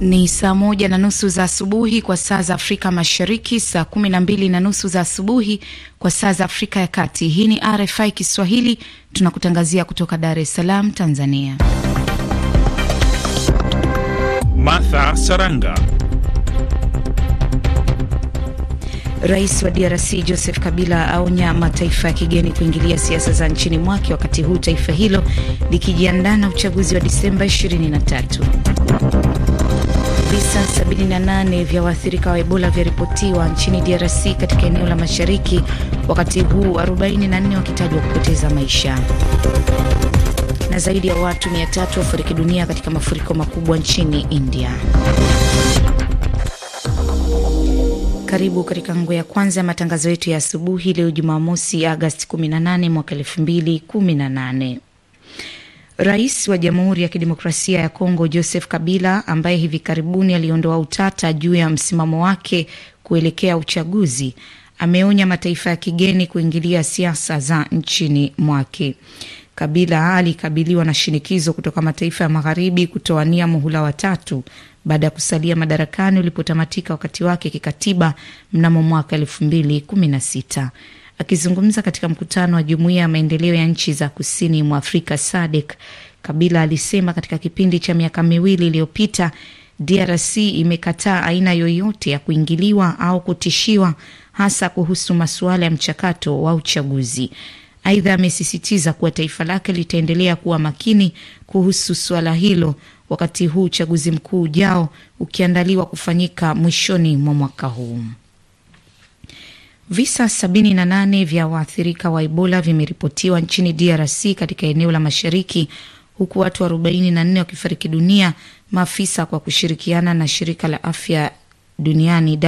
Ni saa moja na nusu za asubuhi kwa saa za Afrika Mashariki, saa kumi na mbili na nusu za asubuhi kwa saa za Afrika ya Kati. Hii ni RFI Kiswahili, tunakutangazia kutoka Dar es Salaam, Tanzania. Martha Saranga. Rais wa DRC Joseph Kabila aonya mataifa ya kigeni kuingilia siasa za nchini mwake, wakati huu taifa hilo likijiandaa na uchaguzi wa Disemba 23. Visa 78 vya waathirika wa Ebola vyaripotiwa nchini DRC katika eneo la mashariki, wakati huu 44 wakitajwa kupoteza maisha na zaidi ya watu 300 wafariki dunia katika mafuriko makubwa nchini India. Karibu katika nguo ya kwanza ya matangazo yetu ya asubuhi leo Jumamosi, Agasti 18 mwaka 2018. Rais wa Jamhuri ya Kidemokrasia ya Kongo Joseph Kabila, ambaye hivi karibuni aliondoa utata juu ya msimamo wake kuelekea uchaguzi, ameonya mataifa ya kigeni kuingilia siasa za nchini mwake. Kabila alikabiliwa na shinikizo kutoka mataifa ya magharibi kutoania muhula watatu baada ya kusalia madarakani ulipotamatika wakati wake kikatiba mnamo mwaka elfu mbili kumi na sita. Akizungumza katika mkutano wa jumuiya ya maendeleo ya nchi za kusini mwa Afrika SADC, Kabila alisema katika kipindi cha miaka miwili iliyopita DRC imekataa aina yoyote ya kuingiliwa au kutishiwa, hasa kuhusu masuala ya mchakato wa uchaguzi. Aidha, amesisitiza kuwa taifa lake litaendelea kuwa makini kuhusu suala hilo, wakati huu uchaguzi mkuu ujao ukiandaliwa kufanyika mwishoni mwa mwaka huu. Visa 78 vya waathirika wa Ebola vimeripotiwa nchini DRC katika eneo la mashariki huku watu 44 wakifariki dunia, maafisa kwa kushirikiana na shirika la afya duniani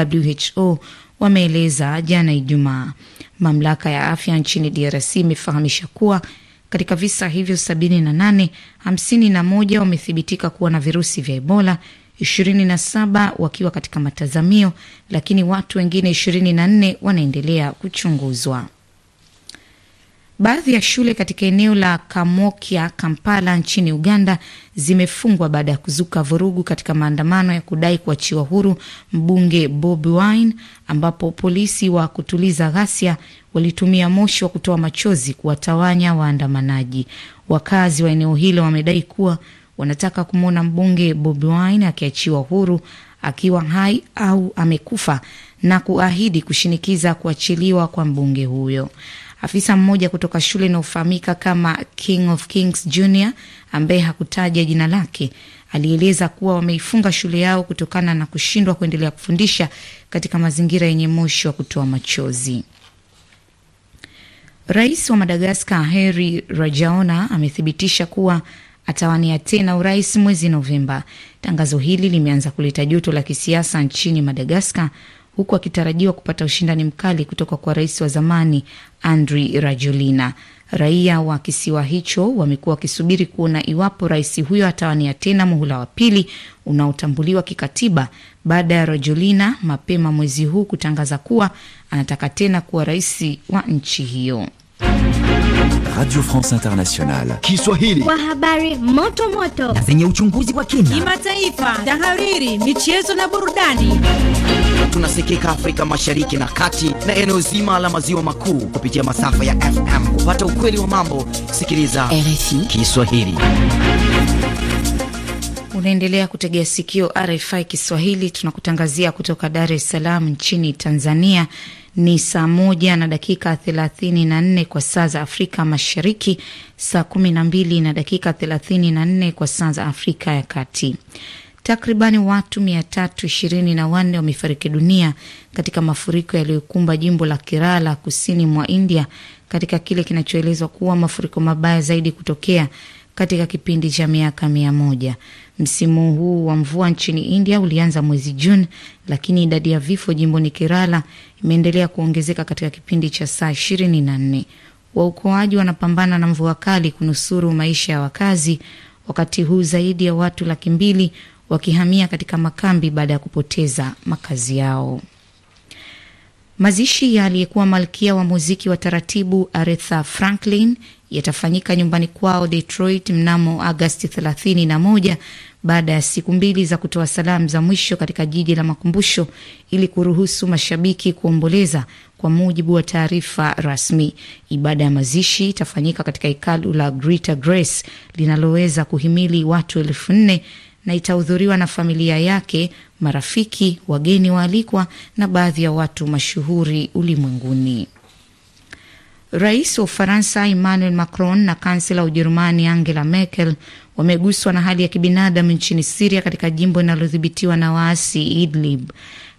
WHO wameeleza jana Ijumaa. Mamlaka ya afya nchini DRC imefahamisha kuwa katika visa hivyo 78, 51 wamethibitika kuwa na virusi vya Ebola ishirini na saba wakiwa katika matazamio, lakini watu wengine ishirini na nne wanaendelea kuchunguzwa. Baadhi ya shule katika eneo la Kamokya, Kampala nchini Uganda zimefungwa baada ya kuzuka vurugu katika maandamano ya kudai kuachiwa huru mbunge Bobi Wine, ambapo polisi wa kutuliza ghasia walitumia moshi wa kutoa machozi kuwatawanya waandamanaji. Wakazi wa eneo hilo wamedai kuwa wanataka kumwona mbunge Bobi Wine akiachiwa huru akiwa hai au amekufa na kuahidi kushinikiza kuachiliwa kwa mbunge huyo. Afisa mmoja kutoka shule inayofahamika kama King of Kings Junior ambaye hakutaja jina lake alieleza kuwa wameifunga shule yao kutokana na kushindwa kuendelea kufundisha katika mazingira yenye moshi wa kutoa machozi. Rais wa Madagaskar Heri Rajaona amethibitisha kuwa atawania tena urais mwezi Novemba. Tangazo hili limeanza kuleta joto la kisiasa nchini Madagaskar, huku akitarajiwa kupata ushindani mkali kutoka kwa rais wa zamani Andry Rajoelina. Raia wa kisiwa hicho wamekuwa wakisubiri kuona iwapo rais huyo atawania tena muhula wa pili unaotambuliwa kikatiba baada ya Rajoelina mapema mwezi huu kutangaza kuwa anataka tena kuwa rais wa nchi hiyo. Radio France Internationale. Kiswahili. Kwa habari moto moto na zenye uchunguzi wa kina, kimataifa, tahariri, michezo na burudani. Tunasikika Afrika Mashariki na Kati na eneo zima la maziwa makuu kupitia masafa ya FM. Kupata ukweli wa mambo, sikiliza RFI Kiswahili. Unaendelea kutegea sikio RFI Kiswahili, tunakutangazia kutoka Dar es Salaam nchini Tanzania ni saa moja na dakika thelathini na nne kwa saa za Afrika Mashariki, saa kumi na mbili na dakika thelathini na nne kwa saa za Afrika ya Kati. Takribani watu mia tatu ishirini na wanne wamefariki dunia katika mafuriko yaliyokumba jimbo la Kerala kusini mwa India, katika kile kinachoelezwa kuwa mafuriko mabaya zaidi kutokea katika kipindi cha miaka mia moja. Msimu huu wa mvua nchini India ulianza mwezi Juni, lakini idadi ya vifo jimboni Kerala imeendelea kuongezeka katika kipindi cha saa ishirini na nne. Waokoaji wanapambana na mvua kali kunusuru maisha ya wakazi, wakati huu zaidi ya watu laki mbili wakihamia katika makambi baada ya kupoteza makazi yao. Mazishi ya aliyekuwa malkia wa muziki wa taratibu Aretha Franklin yatafanyika nyumbani kwao Detroit mnamo Agasti 31 baada ya siku mbili za kutoa salamu za mwisho katika jiji la makumbusho ili kuruhusu mashabiki kuomboleza. Kwa mujibu wa taarifa rasmi, ibada ya mazishi itafanyika katika hekalu la Greater Grace linaloweza kuhimili watu elfu nne na itahudhuriwa na familia yake, marafiki, wageni waalikwa na baadhi ya watu mashuhuri ulimwenguni. Rais wa Ufaransa Emmanuel Macron na kansela wa Ujerumani Angela Merkel wameguswa na hali ya kibinadamu nchini Siria, katika jimbo linalodhibitiwa na waasi Idlib.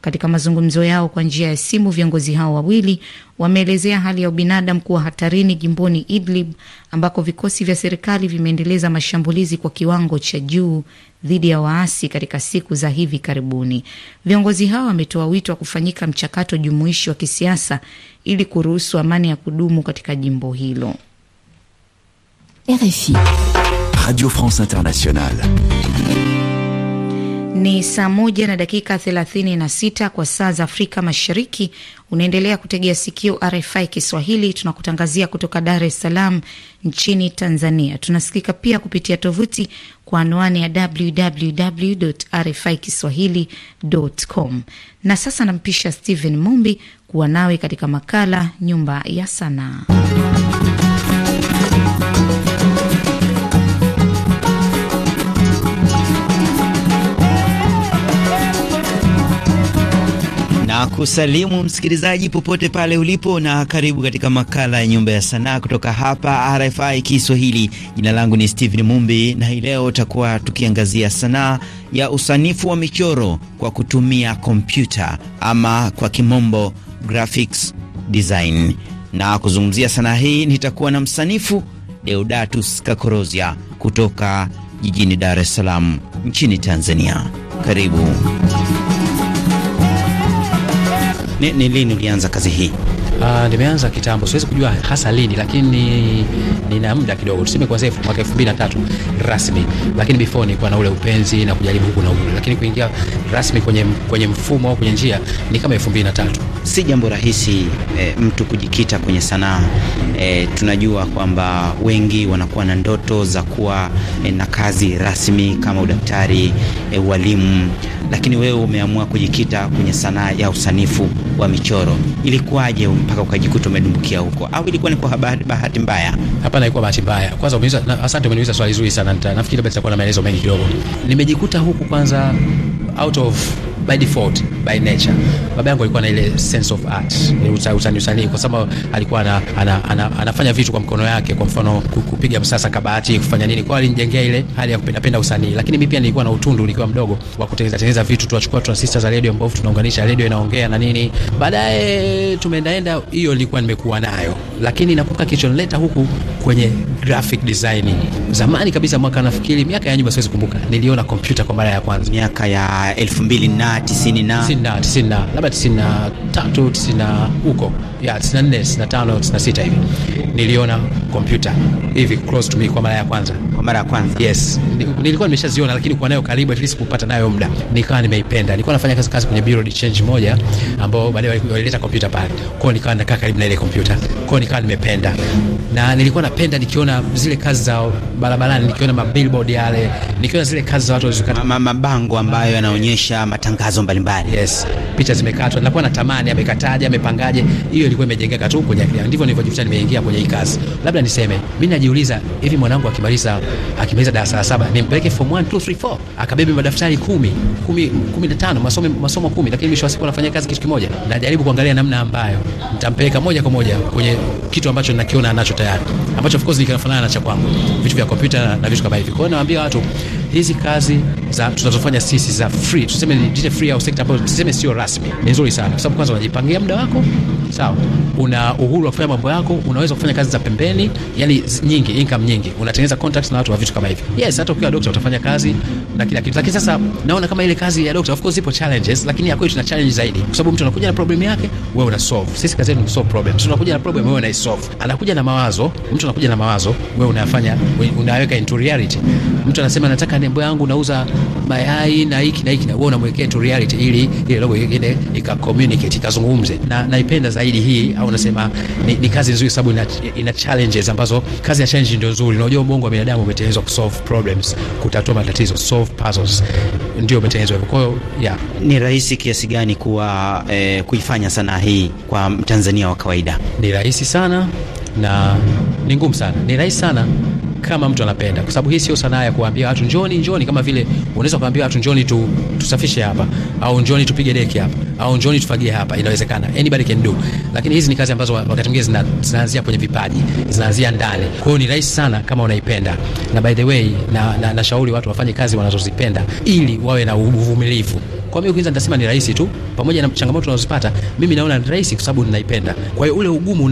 Katika mazungumzo yao kwa njia ya simu, viongozi hao wawili wameelezea hali ya ubinadamu kuwa hatarini jimboni Idlib ambako vikosi vya serikali vimeendeleza mashambulizi kwa kiwango cha juu dhidi ya waasi katika siku za hivi karibuni. Viongozi hao wametoa wito wa kufanyika mchakato jumuishi wa kisiasa ili kuruhusu amani ya kudumu katika jimbo hilo. RFI Radio France Internationale. Ni saa moja na dakika 36 kwa saa za Afrika Mashariki. Unaendelea kutegea sikio RFI Kiswahili, tunakutangazia kutoka Dar es Salaam nchini Tanzania. Tunasikika pia kupitia tovuti kwa anwani ya www RFI kiswahilicom. Na sasa nampisha Stephen Mumbi kuwa nawe katika makala Nyumba ya Sanaa. kusalimu msikilizaji popote pale ulipo, na karibu katika makala ya Nyumba ya Sanaa kutoka hapa RFI Kiswahili. Jina langu ni Steven Mumbi, na hii leo tutakuwa tukiangazia sanaa ya usanifu wa michoro kwa kutumia kompyuta ama kwa kimombo graphics design. Na kuzungumzia sanaa hii nitakuwa na msanifu Deodatus Kakorozia kutoka jijini Dar es Salaam nchini Tanzania. Karibu. Ni, ni lini ulianza kazi hii? Uh, nimeanza kitambo, siwezi kujua hasa lini, lakini nina muda kidogo, tuseme kuanzia mwaka 2003 rasmi, lakini before nilikuwa na ule upenzi na kujaribu huku na huku, lakini kuingia rasmi kwenye, kwenye mfumo au kwenye njia ni kama 2003. Si jambo rahisi e, mtu kujikita kwenye sanaa e, tunajua kwamba wengi wanakuwa na ndoto za kuwa e, na kazi rasmi kama udaktari, e, walimu lakini wewe umeamua kujikita kwenye sanaa ya usanifu wa michoro. Ilikuwaje mpaka ukajikuta umedumbukia huko, au ilikuwa ni kwa bahati mbaya? Hapana, ilikuwa bahati mbaya. Kwanza umeuliza, asante, umeniuliza swali zuri sana. Nafikiri labda nitakuwa na maelezo mengi kidogo. Nimejikuta huku kwanza out of by default by nature. Baba yangu alikuwa na ile sense of art, utani usanii, kwa sababu alikuwa ana, ana, ana, anafanya vitu kwa mkono yake, kwa mfano kupiga msasa kabati, kufanya nini, kwa alinijengea ile hali ya kupenda penda usanii. Lakini mimi pia nilikuwa na utundu nikiwa mdogo wa kutengeneza tengeneza vitu, tunachukua transistor za radio ambapo tunaunganisha radio inaongea na nini. Baadaye tumeendaenda, hiyo nilikuwa nimekuwa nayo, lakini nakumbuka kilichonileta huku kwenye graphic design zamani kabisa, mwaka nafikiri miaka ya nyuma, siwezi kumbuka, niliona kompyuta kwa mara ya kwanza miaka ya elfu mbili na na tisini na tisini na labda tisini tatu tisina na huko ya tisina nne tisini tano tisina sita hivi niliona kompyuta hivi close to me kwa mara ya kwanza kwa mara ya kwanza? Yes, nilikuwa nimeshaziona, lakini kwa nayo karibu, at least kupata nayo muda, nikawa nimeipenda. Nilikuwa nafanya kazi kazi kwenye bureau de change moja, ambao baadaye walileta kompyuta pale, kwa hiyo nikawa nakaa karibu na ile kompyuta, kwa hiyo nikawa nimependa, na nilikuwa napenda nikiona zile kazi za barabarani, nikiona mabillboard yale, nikiona zile kazi za watu wazikata ma, mabango ambayo yanaonyesha matangazo mbalimbali. Yes, picha zimekatwa, nilikuwa natamani amekataje, amepangaje. Hiyo ilikuwa imejengeka tu kwenye akili, ndivyo nilivyojifuta nimeingia kwenye hii kazi. Labda niseme mimi najiuliza hivi, mwanangu akimaliza akimaliza darasa la saba nimpeleke form 1 2 3 4 akabebe madaftari 10 10 15 masomo masomo 10, lakini mwisho wa siku anafanya kazi kitu kimoja. Najaribu kuangalia namna ambayo nitampeleka moja kwa moja kwenye kitu ambacho ninakiona anacho tayari, ambacho of course ni kinafanana na cha kwangu, vitu vya kompyuta na vitu kama hivyo. Kwa hiyo naambia watu hizi kazi za tunazofanya sisi za free, tuseme ni free au sekta ambayo tuseme sio rasmi, ni nzuri sana kwa sababu kwanza unajipangia muda wako sawa. Una uhuru wa kufanya mambo yako, unaweza kufanya kazi za pembeni, yani nyingi, income nyingi, unatengeneza contacts na watu wa vitu kama hivyo. Yes, hata ukiwa doctor utafanya kazi na kila kitu, lakini sasa naona kama ile kazi ya doctor, of course ipo challenges, lakini ya kwetu ina challenge zaidi, kwa sababu mtu anakuja na problem yake, wewe una solve. Sisi kazi yetu ni solve problem, mtu anakuja na problem, wewe una solve. Anakuja na mawazo, mtu anakuja na mawazo, wewe unayafanya, unaweka into reality. Mtu anasema nataka nembo yangu nauza mayai na hiki na hiki, na wewe unamwekea into reality ili ile logo nyingine ika communicate, ikazungumze na naipenda zaidi zaidi hii, au nasema ni, ni kazi nzuri sababu ina, ina challenges ambazo kazi ya challenge ndio nzuri. Unajua ubongo wa binadamu umetengenezwa solve problems, kutatua matatizo, solve puzzles, ndio umetengenezwa hivyo. Kwa hiyo yeah. Ni rahisi kiasi gani kuwa eh, kuifanya sanaa hii kwa Mtanzania wa kawaida? Ni rahisi sana na ni ngumu sana. Ni rahisi sana kama mtu anapenda, kwa sababu hii sio sanaa ya kuambia watu njoni njoni, kama vile unaweza kuambia watu njoni tu, tusafishe hapa au njoni tupige deki hapa au njoni tufagie hapa. Inawezekana, anybody can do, lakini hizi ni kazi ambazo wakati mwingine zina, zinaanzia kwenye vipaji, zinaanzia ndani. Kwa hiyo ni rahisi sana kama unaipenda, na by the way, na, na, na shauri watu wafanye kazi wanazozipenda ili wawe na uvumilivu. Kwa mimi kwanza nitasema ni rahisi tu, pamoja na changamoto unazozipata, mimi naona ni rahisi kwa sababu ninaipenda. Kwa hiyo ule ugumu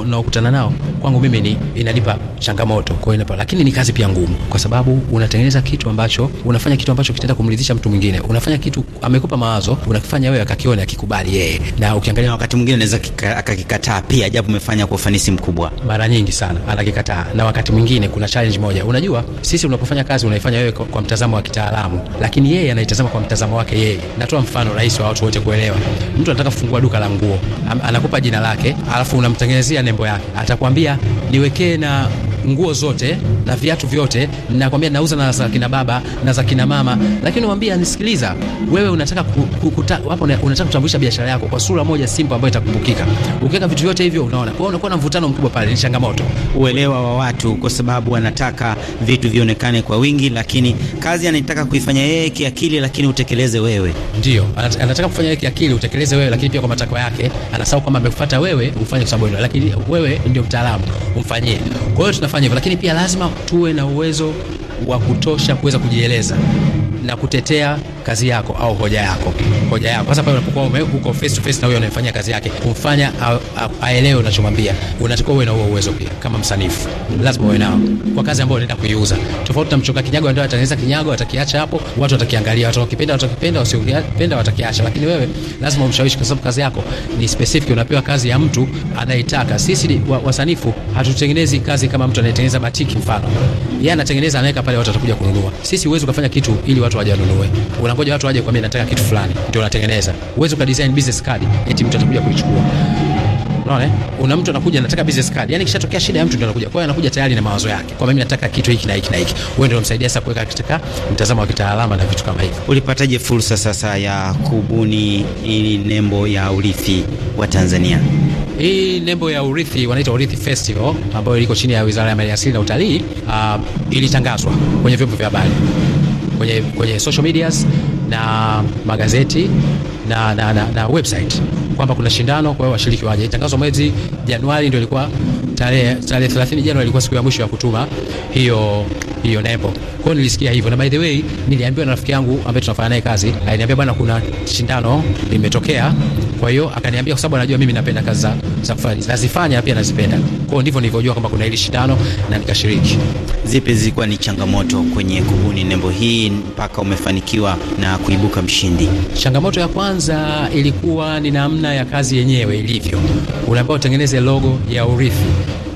unaokutana nao kwangu mimi ni inanipa changamoto, kwa hiyo inanipa, lakini ni kazi pia ngumu, kwa sababu unatengeneza kitu ambacho unafanya kitu ambacho kitaenda kumridhisha mtu mwingine. Unafanya kitu amekupa mawazo, unakifanya wewe, akakiona akikubali yeye, na ukiangalia wakati mwingine anaweza akakikataa pia, japo umefanya kwa ufanisi mkubwa. Mara nyingi sana anakikataa, na wakati mwingine kuna challenge moja. Unajua sisi unapofanya kazi unaifanya wewe kwa, kwa mtazamo wa kitaalamu, lakini yeye anaitazama kwa mtazamo wake yeye Natoa mfano rahisi wa watu wote kuelewa. Mtu anataka kufungua duka la nguo, anakupa jina lake, alafu unamtengenezea nembo yake, atakwambia niwekee na nguo zote na viatu vyote, nakwambia nauza na za kina baba na za kina mama, lakini mwambie nisikiliza, wewe unataka kukuta hapo, unataka kutambulisha biashara yako kwa sura moja simple ambayo itakumbukika. Ukiweka vitu vyote hivyo, unaona, kwa hiyo unakuwa na mvutano mkubwa pale, ni changamoto uelewa wa watu, kwa sababu wanataka vitu vionekane kwa wingi, lakini kazi anataka kuifanya yeye kiakili, lakini utekeleze wewe. Ndio anataka kufanya yeye kiakili, utekeleze wewe, lakini pia kwa matakwa yake anasahau kwamba amekufuata wewe ufanye kwa sababu, lakini wewe ndio mtaalamu, umfanyie kwa hiyo tunafanya hivyo, lakini pia lazima tuwe na uwezo wa kutosha kuweza kujieleza na kutetea kazi yako au hoja yako, hoja yako Sasa pale unapokuwa uko face to face na huyo anayefanyia kazi yake, kumfanya aelewe unachomwambia. Unatakiwa uwe na huo uwezo pia, kama msanifu lazima uwe nao kwa kazi ambayo unaenda kuiuza, tofauti na mchoka kinyago. Ndio atanaweza kinyago, atakiacha hapo, watu watakiangalia, watu wakipenda, watakipenda, wasiopenda watakiacha, lakini wewe lazima umshawishi, kwa sababu kazi yako ni specific. Unapewa kazi ya mtu anayetaka. Sisi wasanifu hatutengenezi kazi kama mtu anayetengeneza batiki mfano, yeye anatengeneza, anaweka pale, watu watakuja kununua. Sisi huwezi kufanya kitu ili watu wajanunue una unangoja watu waje kwambia nataka kitu fulani, ndio unatengeneza. Uweze uka design business card eti mtu atakuja kuichukua. Unaona eh? Una mtu anakuja anataka business card. Yaani kishatokea shida ya mtu ndio anakuja. Kwa hiyo anakuja tayari na mawazo yake. Kwa mimi nataka kitu hiki na hiki na hiki. Wewe ndio unamsaidia sasa kuweka katika mtazamo wa kitaalamu na vitu kama hivyo. Ulipataje fursa sasa ya kubuni hii nembo ya urithi wa Tanzania? Hii nembo ya urithi wanaita Urithi Festival ambayo iliko chini ya Wizara ya Maliasili na Utalii, uh, ilitangazwa kwenye vyombo vya habari kwenye, kwenye social medias na magazeti na, na, na, na website kwamba kuna shindano, kwa hiyo washiriki waje. tangazo mwezi Januari, ndio ilikuwa tarehe tarehe 30 Januari, ilikuwa siku ya mwisho ya kutuma hiyo hiyo nembo. Kwa hiyo nilisikia hivyo, na by the way niliambiwa na rafiki yangu ambaye tunafanya naye kazi, aliniambia bwana, kuna shindano limetokea kwa hiyo akaniambia, kwa sababu anajua mimi napenda kazi za safari nazifanya pia nazipenda. Kwa ndivyo nilivyojua kwamba kuna hili shindano na nikashiriki. Zipi zilikuwa ni changamoto kwenye kubuni nembo hii mpaka umefanikiwa na kuibuka mshindi? Changamoto ya kwanza ilikuwa ni namna ya kazi yenyewe ilivyo. Unaambiwa utengeneze logo ya urithi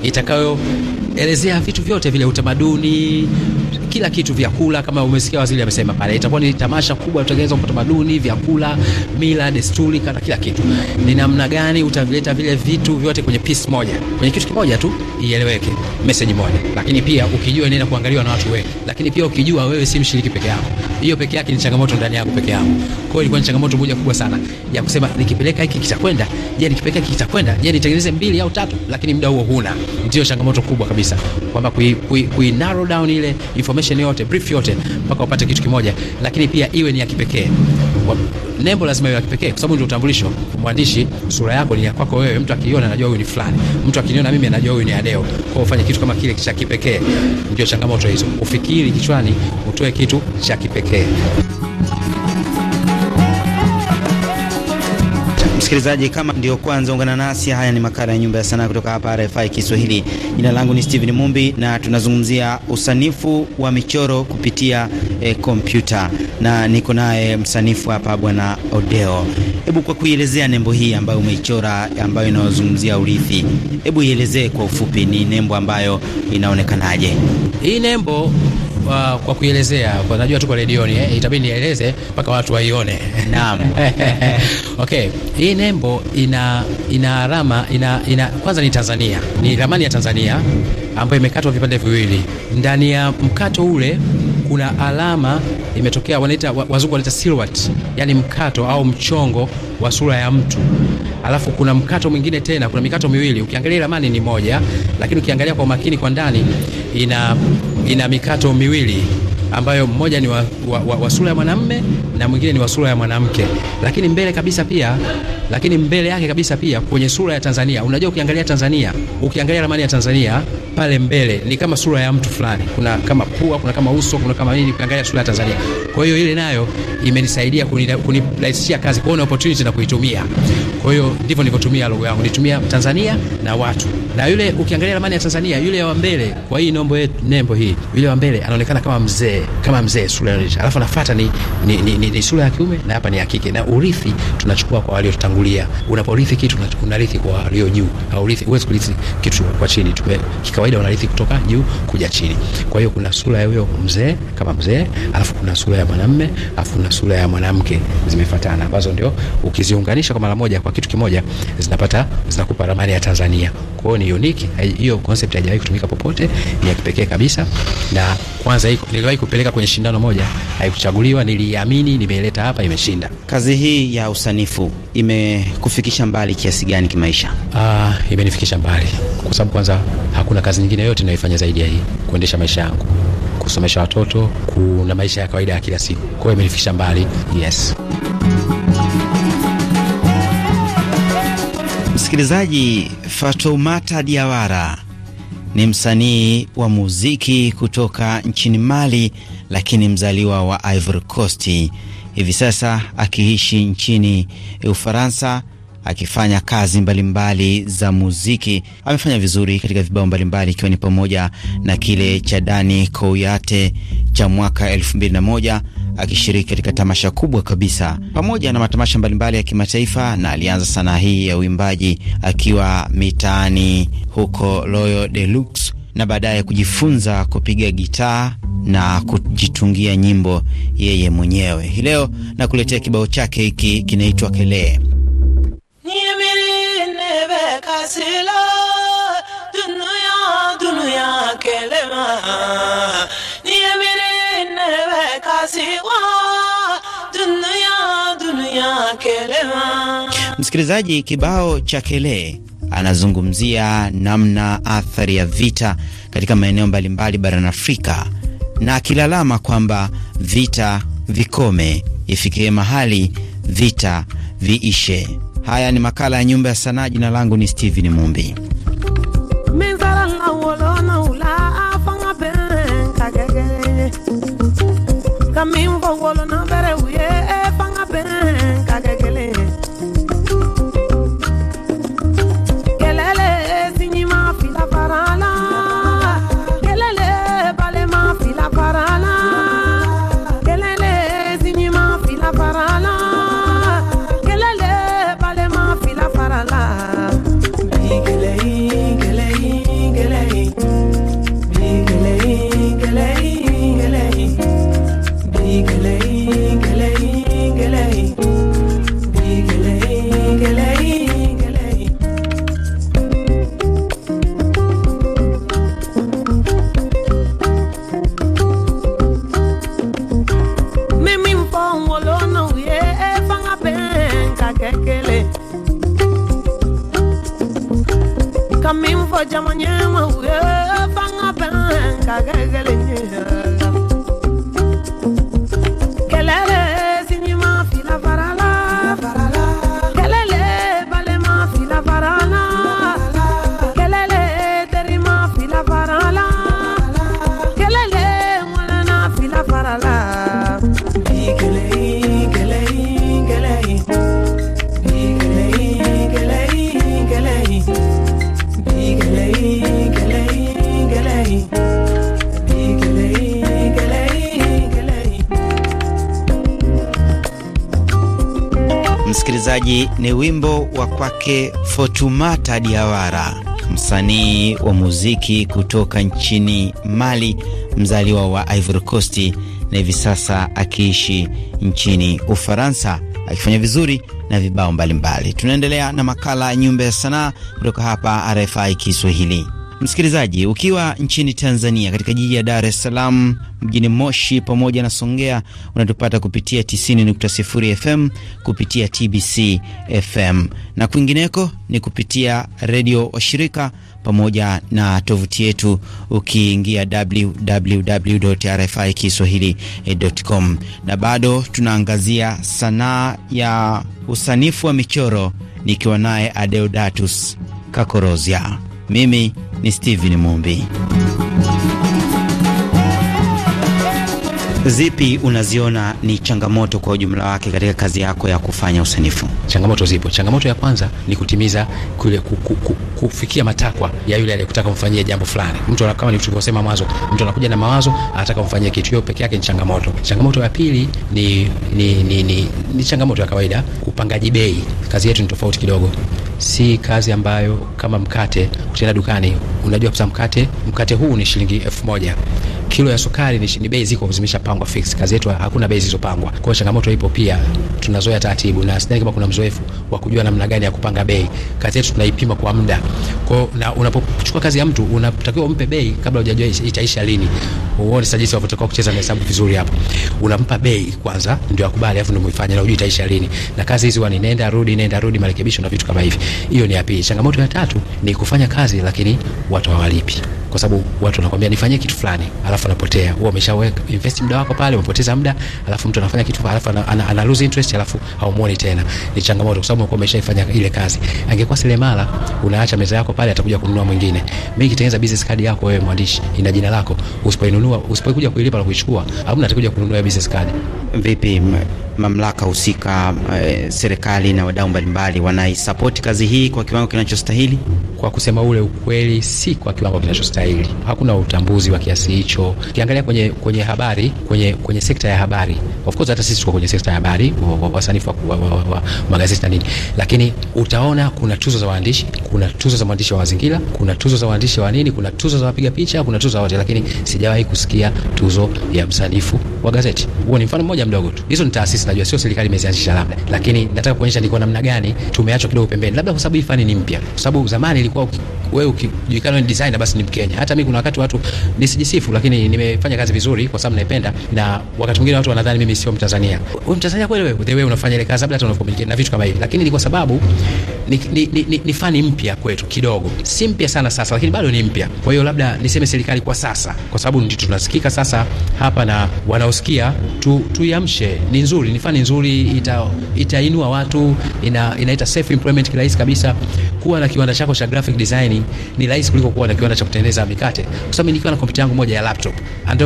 itakayoelezea vitu vyote vile, utamaduni kila kitu, vyakula kama umesikia waziri amesema pale, itakuwa ni tamasha kubwa, tutatengeneza kwa tamaduni, vyakula, mila, desturi, kana kila kitu. Ni namna gani utavileta vile vitu vyote kwenye piece moja, kwenye kitu kimoja tu, ieleweke, message moja. Lakini pia ukijua inaenda kuangaliwa na watu wengi, lakini pia ukijua wewe si mshiriki peke yako hiyo peke yake ni changamoto ndani yangu peke yangu. Kwa hiyo ilikuwa ni changamoto moja kubwa sana ya kusema, nikipeleka hiki kitakwenda, je, nikipeleka hiki kitakwenda, je, nitengeneze mbili au tatu, lakini muda huo huna. Ndio changamoto kubwa kabisa kwamba kui, kui, kui narrow down ile information yote brief yote mpaka upate kitu kimoja, lakini pia iwe ni ya kipekee. Nembo lazima iwe ya kipekee, kwa sababu ndio utambulisho. Mwandishi, sura yako ni ya kwako wewe. Mtu akiiona anajua huyu ni fulani, mtu akiniona mimi anajua huyu ni Adeo. Kwa hiyo ufanye kitu kama kile cha kipekee. Ndio changamoto hizo, ufikiri kichwani, utoe kitu cha kipekee. Msikilizaji, kama ndio kwanza ungana nasi, haya ni makala ya Nyumba ya Sanaa kutoka hapa RFI Kiswahili. Jina langu ni Steven Mumbi na tunazungumzia usanifu wa michoro kupitia e, kompyuta na niko naye msanifu hapa Bwana Odeo. Hebu kwa kuielezea nembo hii ambayo umeichora ambayo inayozungumzia urithi, hebu ielezee kwa ufupi, ni nembo ambayo inaonekanaje? Hii nembo kwa, kwa kuelezea kwa najua tuko redioni eh, itabidi nieleze mpaka watu waione. Naam. Okay, hii nembo ina ina alama ina, ina kwanza ni Tanzania, ni ramani ya Tanzania ambayo imekatwa vipande viwili ndani ya mkato ule kuna alama imetokea, wanaita wazungu wanaita silhouette, yani mkato au mchongo wa sura ya mtu. Alafu kuna mkato mwingine tena, kuna mikato miwili. Ukiangalia ramani ni moja, lakini ukiangalia kwa makini kwa ndani ina, ina mikato miwili ambayo mmoja ni wa, wa, wa, wa sura ya mwanamume na mwingine ni wa sura ya mwanamke, lakini mbele kabisa pia, lakini mbele yake kabisa pia kwenye sura ya Tanzania, unajua ukiangalia Tanzania, ukiangalia ramani ya Tanzania pale mbele ni kama sura ya mtu fulani, kuna kama pua, kuna kama uso, kuna kama nini, ukiangalia sura ya Tanzania. Kwa hiyo ile nayo imenisaidia kunirahisishia kazi kuona opportunity na kuitumia. Kwa hiyo ndivyo nilivyotumia logo yangu, nilitumia Tanzania na watu. Na yule ukiangalia ramani ya Tanzania, yule wa mbele kwa hii nembo yetu, nembo hii, yule wa mbele anaonekana kama mzee, kama mzee sura ile, alafu anafuata ni ni, ni, ni, ni sura ya kiume na hapa ni ya kike. Na urithi tunachukua kwa waliotutangulia. Unaporithi kitu unarithi kwa walio juu, haurithi uwezi kurithi kitu kwa chini. Tume kikawaida unarithi kutoka juu kuja chini. Kwa hiyo kuna sura ya huyo mzee kama mzee, alafu kuna sura ya mwanamme, alafu kuna sura ya mwanamke zimefuatana, ambazo ndio ukiziunganisha kwa mara moja kwa kwa kitu kimoja zinapata zinakupa ramani ya Tanzania. Kwa hiyo ni unique hiyo concept, haijawahi kutumika popote, ni ya kipekee kabisa. Na kwanza hiyo niliwahi kupeleka kwenye shindano moja, haikuchaguliwa, niliamini nimeileta hapa, imeshinda. Kazi hii ya usanifu imekufikisha mbali kiasi gani kimaisha? Ah, imenifikisha mbali kwa sababu kwanza hakuna kazi nyingine yote ninayoifanya zaidi ya hii, kuendesha maisha yangu, kusomesha watoto, kuna maisha ya kawaida ya kila siku. Kwa hiyo imenifikisha mbali, yes. Msikilizaji, Fatoumata Diawara ni msanii wa muziki kutoka nchini Mali, lakini mzaliwa wa Ivory Coast, hivi sasa akiishi nchini Ufaransa akifanya kazi mbalimbali mbali za muziki. Amefanya vizuri katika vibao mbalimbali ikiwa ni pamoja na kile cha Dani Kouyate cha mwaka 2001 akishiriki katika tamasha kubwa kabisa pamoja na matamasha mbalimbali ya kimataifa. Na alianza sanaa hii ya uimbaji akiwa mitaani huko Loyo Deluxe na baadaye kujifunza kupiga gitaa na kujitungia nyimbo yeye mwenyewe. Hii leo nakuletea kibao chake hiki kinaitwa Kelee kasila dünya dünya kelime Niyeminin ve kasiwa dunya dunya kelime Msikilizaji, kibao cha kele anazungumzia namna athari ya vita katika maeneo mbalimbali barani Afrika na akilalama kwamba vita vikome, ifikie mahali vita viishe. Haya ni makala ya Nyumba ya Sanaa. Jina langu ni Steven Mumbi. Kwa in my maurefa msikilizaji, ni wimbo wa kwake Fotumata Diawara, msanii wa muziki kutoka nchini Mali, mzaliwa wa Ivory Coast na hivi sasa akiishi nchini Ufaransa, akifanya vizuri na vibao mbalimbali. Tunaendelea na makala ya Nyumba ya Sanaa kutoka hapa RFI Kiswahili. Msikilizaji, ukiwa nchini Tanzania, katika jiji ya Dar es Salaam, mjini Moshi pamoja na Songea, unatupata kupitia 90.0 FM, kupitia TBC FM na kwingineko ni kupitia redio washirika pamoja na tovuti yetu, ukiingia www RFI kiswahili.com. Na bado tunaangazia sanaa ya usanifu wa michoro, nikiwa naye Adeodatus Kakorozia. Mimi ni Steven Mumbi. Zipi unaziona ni changamoto kwa ujumla wake katika kazi yako ya kufanya usanifu? Changamoto zipo. Changamoto ya kwanza ni kutimiza kule ku, ku, ku, kufikia matakwa ya yule aliyekutaka mfanyie jambo fulani. Mtu kama nilivyosema mwanzo, mtu anakuja na mawazo, anataka mfanyie kitu, hiyo peke yake ni changamoto. Changamoto ya pili ni ni, ni, ni, ni changamoto ya kawaida, upangaji bei. Kazi yetu ni tofauti kidogo, si kazi ambayo kama mkate utaenda dukani, unajua kabisa mkate mkate huu ni shilingi elfu moja kilo ya sukari ni, ni bei ziko zimeshapangwa fix. Kazi yetu hakuna bei zilizopangwa, kwa hiyo changamoto ipo pia, tunazoea taratibu na sidhani kama kuna mzoefu wa kujua namna gani ya kupanga bei. Kazi yetu tunaipima kwa muda, kwa na unapochukua kazi ya mtu unatakiwa umpe bei kabla hujajua itaisha lini. Uone sajisi wavutakiwa kucheza na hesabu vizuri hapo, unampa bei kwanza ndio akubali, afu ndio muifanye na ujue itaisha lini. Na kazi hizi wani nenda rudi nenda rudi, marekebisho na vitu kama hivi. Hiyo ni ya pili. Changamoto ya tatu ni kufanya kazi lakini watu hawalipi kwa sababu watu wanakuambia nifanyie kitu fulani, alafu anapotea. Wewe umeshaweka invest muda wako pale, umepoteza muda, alafu mtu anafanya kitu alafu ana, ana, ana lose interest, alafu haumuoni tena. Ni changamoto kwa sababu umekuwa umeshaifanya ile kazi. Angekuwa seremala, unaacha meza yako pale, atakuja kununua mwingine. Mimi kitengeneza business card yako wewe mwandishi, ina jina lako, usipoinunua usipokuja kuilipa na kuichukua, hamna atakuja kununua ya business card. Vipi mamlaka husika, eh, serikali na wadau mbalimbali wanaisapoti kazi hii kwa kiwango kinachostahili? Kwa kusema ule ukweli, si kwa kiwango kinachostahili Kiswahili. Hakuna utambuzi wa kiasi hicho. Ukiangalia kwenye, kwenye habari kwenye, kwenye sekta ya habari, of course hata sisi tuko kwenye sekta ya habari, wasanifu wa, wa, wa, wa wa magazeti na nini, lakini utaona kuna tuzo za waandishi, kuna tuzo za mwandishi wa mazingira, kuna tuzo za waandishi wa nini, kuna tuzo za wapiga picha, kuna tuzo za wote, lakini sijawahi kusikia tuzo ya msanifu wa gazeti. Huo ni mfano mmoja mdogo tu. Hizo ni taasisi, najua sio serikali imezianzisha labda, lakini nataka kuonyesha niko namna gani tumeachwa kidogo pembeni, labda kwa sababu hii fani ni mpya, kwa sababu zamani ilikuwa wewe ukijulikana ni designer basi ni Mkenya Kenya. Hata mimi kuna wakati watu nisijisifu, lakini nimefanya kazi vizuri kwa sababu naipenda, na wakati mwingine watu wanadhani mimi sio Mtanzania. Wewe Mtanzania kweli wewe, the way unafanya ile kazi, labda hata unavyokomunicate na vitu kama hivi, lakini ni kwa sababu ni, ni, ni, ni, ni fani mpya kwetu kidogo, si mpya sana sasa, lakini bado ni mpya. Kwa hiyo labda niseme serikali kwa sasa, kwa sababu ndio tunasikika sasa hapa na wanaosikia tu, tuiamshe. Ni nzuri, ni fani nzuri, ita, itainua watu, ina, inaita self employment kirahisi kabisa. Kuwa na kiwanda chako cha graphic design ni rahisi kuliko kuwa na kiwanda cha kutengeneza za mikate, kwa sababu nikiwa na kompyuta yangu moja ya laptop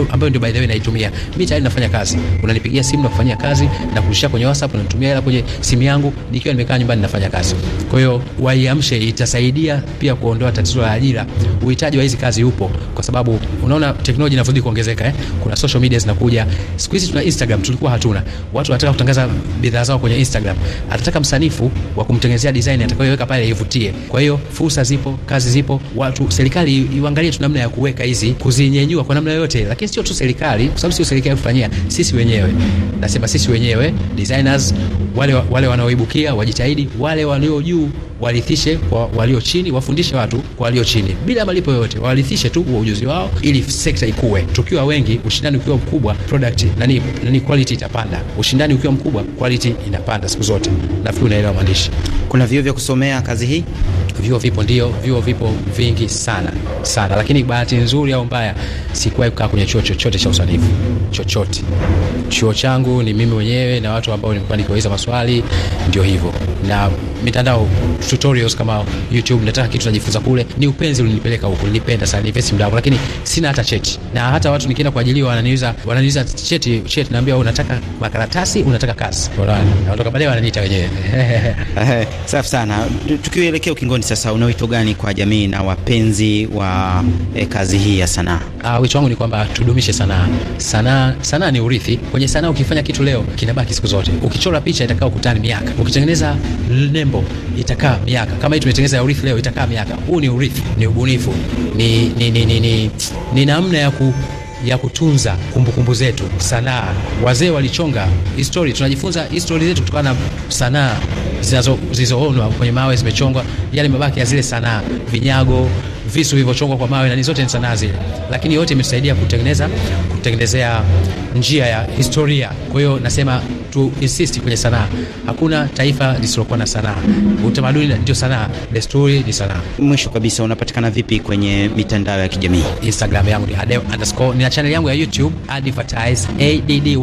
ambayo ndio by the way naitumia mimi, tayari nafanya kazi, unanipigia simu na kufanyia kazi na kushia kwenye WhatsApp, unanitumia hela kwenye simu yangu nikiwa nimekaa nyumbani nafanya kazi. Kwa hiyo waiamshe, itasaidia pia kuondoa tatizo la ajira. Uhitaji wa hizi kazi upo, kwa sababu unaona teknolojia inazidi kuongezeka eh? Kuna social media zinakuja siku hizi, tuna Instagram, tulikuwa hatuna. Watu wanataka kutangaza bidhaa zao kwenye Instagram, atataka msanifu wa kumtengenezea design atakayoweka pale ivutie. Kwa hiyo fursa zipo, kazi zipo, watu serikali iangalie tuangalie tu namna ya kuweka hizi, kuzinyenyua kwa namna yoyote, lakini sio tu serikali, kwa sababu sio serikali kufanyia, sisi wenyewe. Nasema sisi wenyewe designers, wale wale wanaoibukia wajitahidi, wale walio juu warithishe kwa walio chini, wafundishe watu kwa walio chini bila malipo yoyote, warithishe tu huo ujuzi wao ili sekta ikue. Tukiwa wengi, ushindani ukiwa mkubwa, product nani nani, quality itapanda. Ushindani ukiwa mkubwa, quality inapanda siku zote. Nafikiri unaelewa maandishi. Kuna vyuo vya kusomea kazi hii? Vyuo vipo, ndio, vyuo vipo vingi sana sana, lakini bahati nzuri au mbaya, sikuwahi kukaa kwenye chuo chochote cha usanifu chochote. Chuo changu ni mimi mwenyewe na watu ambao nimekuwa nikiwauliza maswali, ndio hivyo na mitandao tutorials kama YouTube, nataka kitu najifunza kule. Ni upenzi ulinipeleka huko, nilipenda sana, nivesi muda wangu, lakini sina hata cheti, na hata watu nikienda kuajiliwa wananiuliza wananiuliza cheti cheti, naambia unataka makaratasi, unataka kazi, naondoka baadaye, wananiita wenyewe. Eh, safi sana. Tukielekea ukingoni sasa, una wito gani kwa jamii na wapenzi wa eh, kazi hii ya sanaa? Ah, wito wangu ni kwamba tudumishe sanaa. Sanaa sanaa ni urithi. Kwenye sanaa ukifanya kitu leo kinabaki siku zote. Ukichora picha itakaa ukutani miaka, ukitengeneza nembo itakaa miaka kama hii tumetengeneza urithi leo, itakaa miaka. Huu ni urithi, ni ubunifu, ni, ni, ni, ni, ni, ni namna ya ku ya kutunza kumbukumbu zetu, sanaa. Wazee walichonga history, tunajifunza history zetu kutokana na sanaa zilizoonwa kwenye mawe, zimechongwa yale mabaki ya zile sanaa, vinyago, visu vilivyochongwa kwa mawe, na zote ni sanaa zile, lakini yote imetusaidia kutengeneza kutengenezea njia ya historia kwa hiyo nasema tu insist kwenye sanaa. Hakuna taifa lisilokuwa na sanaa. Utamaduni ndio sanaa, desturi ni sanaa. Mwisho kabisa, unapatikana vipi kwenye mitandao ya kijamii? Instagram yangu ni adeo underscore, nina channel yangu ya YouTube advertise addyvertise.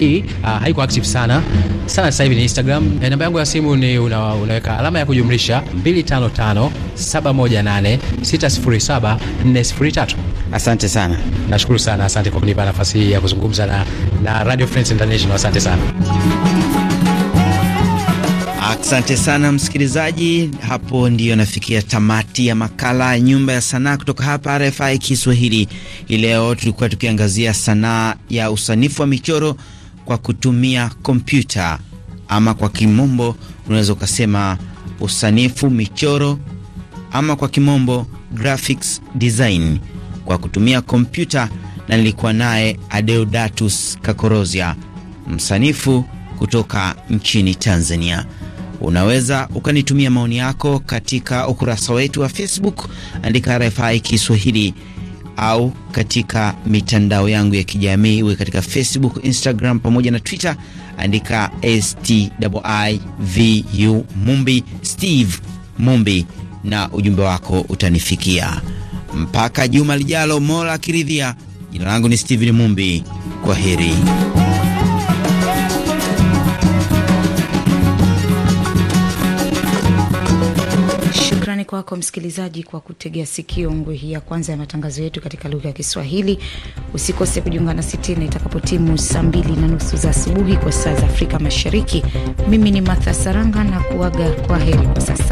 Uh, e. ah, haiko active sana sana sasa hivi ni Instagram. E, Namba yangu ya simu ni una, unaweka alama ya kujumlisha 255 718 607 403. Asante sana, nashukuru sana, asante kwa kunipa nafasi hii ya kuzungumza na, na Radio France International. Asante sana. Asante sana msikilizaji, hapo ndiyo nafikia tamati ya makala ya Nyumba ya Sanaa kutoka hapa RFI Kiswahili. Hii leo tulikuwa tukiangazia sanaa ya usanifu wa michoro kwa kutumia kompyuta, ama kwa kimombo unaweza ukasema usanifu michoro, ama kwa kimombo graphics design kwa kutumia kompyuta, na nilikuwa naye Adeodatus Kakorozia, msanifu kutoka nchini Tanzania. Unaweza ukanitumia maoni yako katika ukurasa wetu wa Facebook, andika RFI Kiswahili, au katika mitandao yangu ya kijamii, iwe katika Facebook, Instagram pamoja na Twitter, andika Stivu Mumbi Steve Mumbi, na ujumbe wako utanifikia mpaka juma lijalo, Mola akiridhia. Jina langu ni Steven Mumbi, kwa heri. Shukrani kwako msikilizaji kwa kutegea sikio ngwe hii ya kwanza ya matangazo yetu katika lugha ya Kiswahili. Usikose kujiunga nasi tena itakapotimu saa mbili na nusu za asubuhi kwa saa za Afrika Mashariki. Mimi ni Martha Saranga na kuaga kwa heri kwa sasa.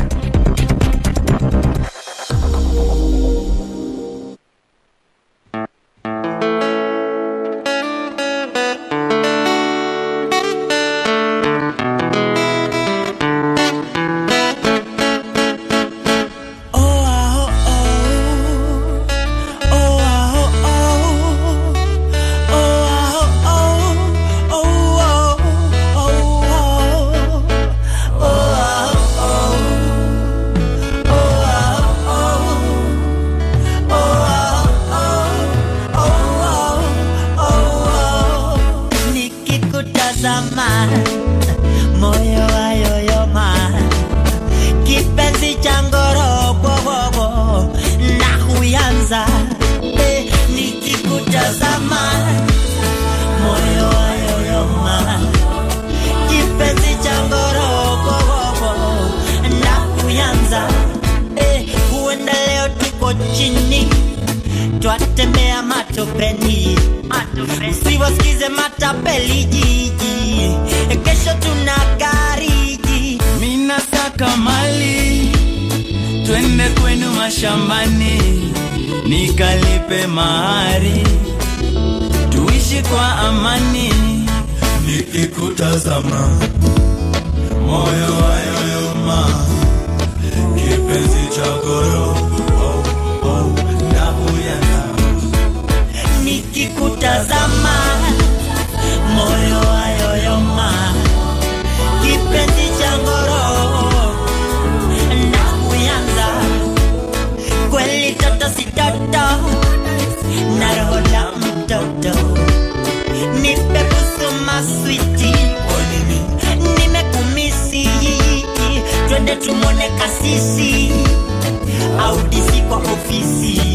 mashambani, nikalipe mahari, tuishi kwa amani. Nikikutazama moyo wayoyoma, kipenzi cha goro oh, oh, nikikutazama tumone kasisi au DC kwa ofisi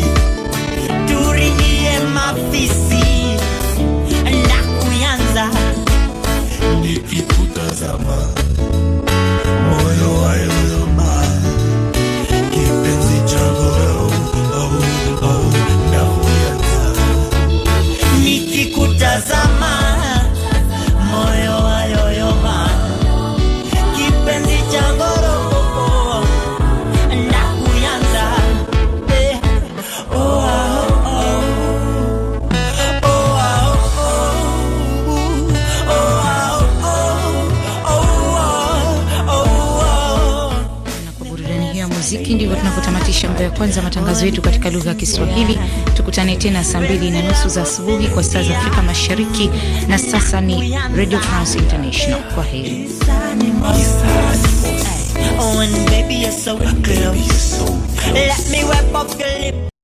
matangazo yetu katika lugha ya Kiswahili. Tukutane tena saa mbili na nusu za asubuhi kwa saa za Afrika Mashariki. Na sasa ni Radio France International. Kwa heri. Oh,